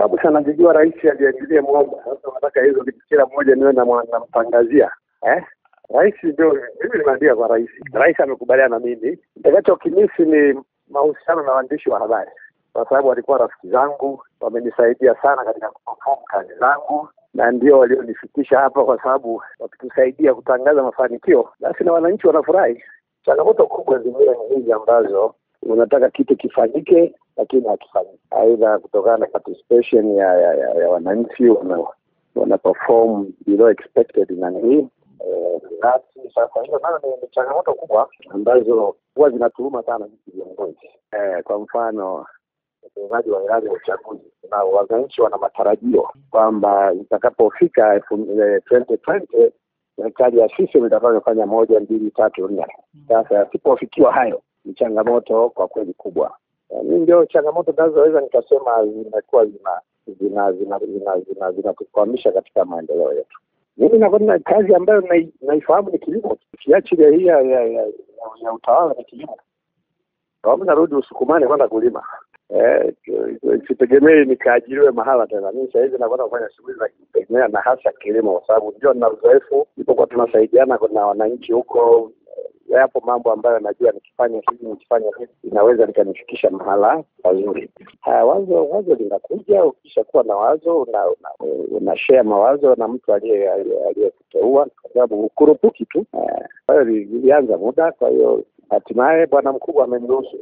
sababu sanajijua rais aliagilie mwamba. Sasa wanataka hizo kila mmoja niwe namtangazia eh? Rais ndio mimi nimeandika kwa rais, rais amekubaliana na mimi. kimisi ni mahusiano na waandishi wa habari, kwa sababu walikuwa rafiki zangu, wamenisaidia sana katika kuperform kazi zangu na ndio walionifikisha hapa, kwa sababu wakitusaidia kutangaza mafanikio, basi na wananchi wanafurahi. Changamoto kubwa zingine ni hizi ambazo unataka kitu kifanyike lakini hatufanyi. Aidha, kutokana na participation ya, ya, ya, ya wananchi wana, wana perform below expected nani hii eh, basi sasa ni changamoto kubwa ambazo huwa zinatuuma sana sisi viongozi eh, kwa mfano utekelezaji wa ilani ya uchaguzi na wananchi wana matarajio kwamba itakapofika elfu eh, serikali ya sisem itakayofanya moja mbili tatu nne. Sasa yasipofikiwa hayo ni changamoto kwa kweli kubwa mi ndio changamoto zinazoweza nikasema zimekuwa zina zina zinatukwamisha katika maendeleo yetu. Mimi naona kazi ambayo naifahamu ni kilimo, kiachilia hii ya utawala ni kilimo. Kama narudi usukumani kwenda kulima, eh, sitegemei nikaajiriwe mahala tena. Mimi sahizi nakwenda kufanya shughuli za kujitegemea na hasa kilimo, kwa sababu ndio nina uzoefu, ipokuwa tunasaidiana na wananchi huko yapo mambo ambayo najua nikifanya hivi nikifanya hivi inaweza nikanifikisha mahala pazuri. Haya, wazo wazo linakuja. Ukishakuwa na wazo una, una, una share mawazo na mtu aliyekuteua, kwa sababu ukurupuki tu. Kwa hiyo lilianza muda, kwa hiyo hatimaye bwana mkubwa amemruhusu